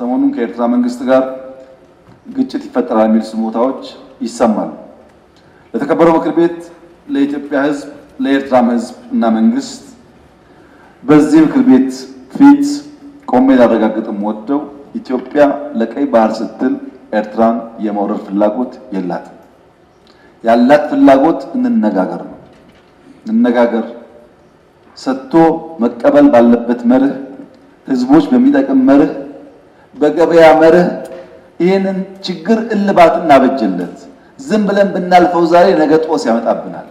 ሰሞኑን ከኤርትራ መንግስት ጋር ግጭት ይፈጠራል የሚል ስሞታዎች ይሰማል። ለተከበረው ምክር ቤት፣ ለኢትዮጵያ ህዝብ ለኤርትራም ህዝብ እና መንግስት በዚህ ምክር ቤት ፊት ቆሜ ላረጋግጥም ወደው ኢትዮጵያ ለቀይ ባህር ስትል ኤርትራን የመውረር ፍላጎት የላትም። ያላት ፍላጎት እንነጋገር ነው። እንነጋገር ሰጥቶ መቀበል ባለበት መርህ፣ ህዝቦች በሚጠቅም መርህ በገበያ መርህ ይህንን ችግር እልባት እናበጅለት። ዝም ብለን ብናልፈው ዛሬ ነገ ጦስ ያመጣብናል።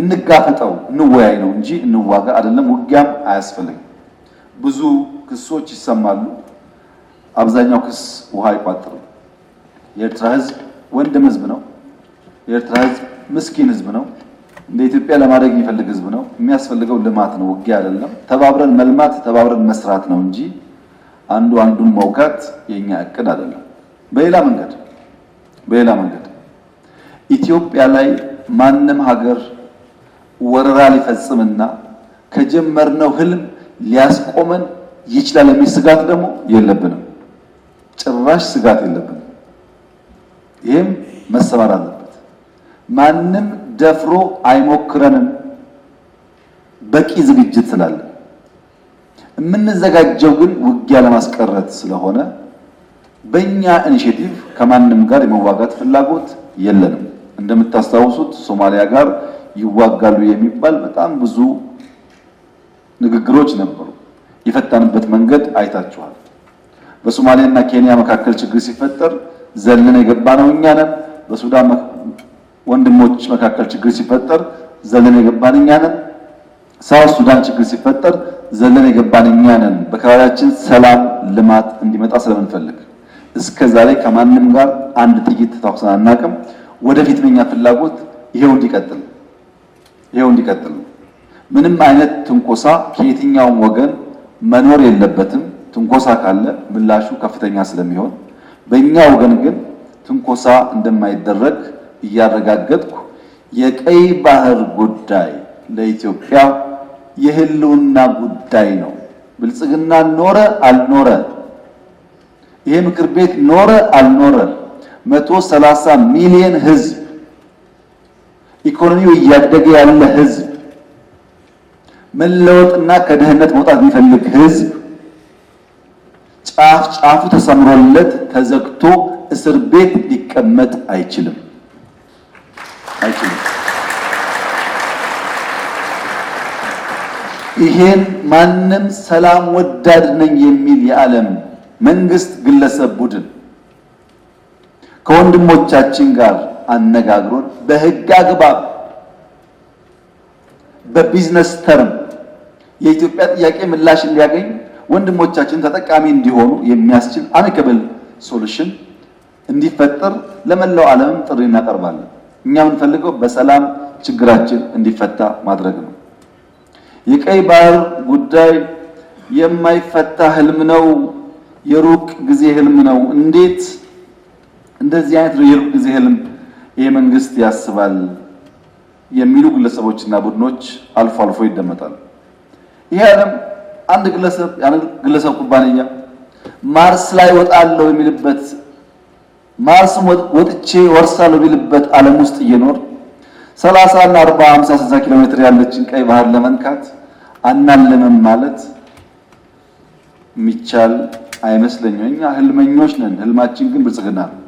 እንጋፈጠው፣ እንወያይ ነው እንጂ እንዋጋ አይደለም። ውጊያም አያስፈልግም። ብዙ ክሶች ይሰማሉ። አብዛኛው ክስ ውሃ አይቋጥርም። የኤርትራ ሕዝብ ወንድም ሕዝብ ነው። የኤርትራ ሕዝብ ምስኪን ሕዝብ ነው። እንደ ኢትዮጵያ ለማድረግ የሚፈልግ ሕዝብ ነው። የሚያስፈልገው ልማት ነው፣ ውጊያ አይደለም። ተባብረን መልማት፣ ተባብረን መስራት ነው እንጂ አንዱ አንዱን መውጋት የኛ እቅድ አይደለም። በሌላ መንገድ በሌላ መንገድ ኢትዮጵያ ላይ ማንም ሀገር ወረራ ሊፈጽምና ከጀመርነው ህልም ሊያስቆመን ይችላል የሚል ስጋት ደግሞ የለብንም። ጭራሽ ስጋት የለብንም። ይህም መሰማር አለበት። ማንም ደፍሮ አይሞክረንም በቂ ዝግጅት ስላለን የምንዘጋጀው ግን ውጊያ ለማስቀረት ስለሆነ በእኛ ኢኒሽቲቭ ከማንም ጋር የመዋጋት ፍላጎት የለንም። እንደምታስታውሱት ሶማሊያ ጋር ይዋጋሉ የሚባል በጣም ብዙ ንግግሮች ነበሩ። የፈታንበት መንገድ አይታችኋል። በሶማሌና ኬንያ መካከል ችግር ሲፈጠር ዘለን የገባ ነው እኛ ነን። በሱዳን ወንድሞች መካከል ችግር ሲፈጠር ዘለን የገባን እኛ ነን። ሳውዝ ሱዳን ችግር ሲፈጠር ዘለን የገባን እኛ ነን። በከባቢያችን ሰላም፣ ልማት እንዲመጣ ስለምንፈልግ እስከ ዛሬ ከማንም ጋር አንድ ጥይት ተኩሰን አናውቅም። ወደፊት የኛ ፍላጎት ይሄው እንዲቀጥል ይሄው እንዲቀጥል። ምንም አይነት ትንኮሳ ከየትኛውም ወገን መኖር የለበትም። ትንኮሳ ካለ ምላሹ ከፍተኛ ስለሚሆን በእኛ ወገን ግን ትንኮሳ እንደማይደረግ እያረጋገጥኩ የቀይ ባህር ጉዳይ ለኢትዮጵያ የህልውና ጉዳይ ነው። ብልጽግና ኖረ አልኖረ፣ ይሄ ምክር ቤት ኖረ አልኖረ፣ 130 ሚሊዮን ህዝብ፣ ኢኮኖሚው እያደገ ያለ ህዝብ፣ መለወጥና ከድህነት መውጣት የሚፈልግ ህዝብ ጫፍ ጫፉ ተሰምሮለት ተዘግቶ እስር ቤት ሊቀመጥ አይችልም አይችልም። ይሄን ማንም ሰላም ወዳድ ነኝ የሚል የዓለም መንግስት፣ ግለሰብ፣ ቡድን ከወንድሞቻችን ጋር አነጋግሮን በህግ አግባብ በቢዝነስ ተርም የኢትዮጵያ ጥያቄ ምላሽ እንዲያገኝ ወንድሞቻችን ተጠቃሚ እንዲሆኑ የሚያስችል አሚከብል ሶሉሽን እንዲፈጠር ለመላው ዓለምም ጥሪ እናቀርባለን። እኛ የምንፈልገው በሰላም ችግራችን እንዲፈታ ማድረግ ነው። የቀይ ባህር ጉዳይ የማይፈታ ህልም ነው፣ የሩቅ ጊዜ ህልም ነው። እንዴት እንደዚህ አይነት የሩቅ ጊዜ ህልም ይሄ መንግስት ያስባል የሚሉ ግለሰቦችና ቡድኖች አልፎ አልፎ ይደመጣሉ። ይሄ ዓለም አንድ ግለሰብ ያን ግለሰብ ኩባንያ ማርስ ላይ ወጣለሁ የሚልበት ማርስ ወጥቼ ወርሳለሁ የሚልበት ዓለም ውስጥ እየኖር ሰላሳ እና አርባ ሃምሳ ስልሳ ኪሎ ሜትር ያለችን ቀይ ባህር ለመንካት አናልምም ማለት የሚቻል አይመስለኝም። እኛ ህልመኞች ነን። ህልማችን ግን ብልጽግና ነው።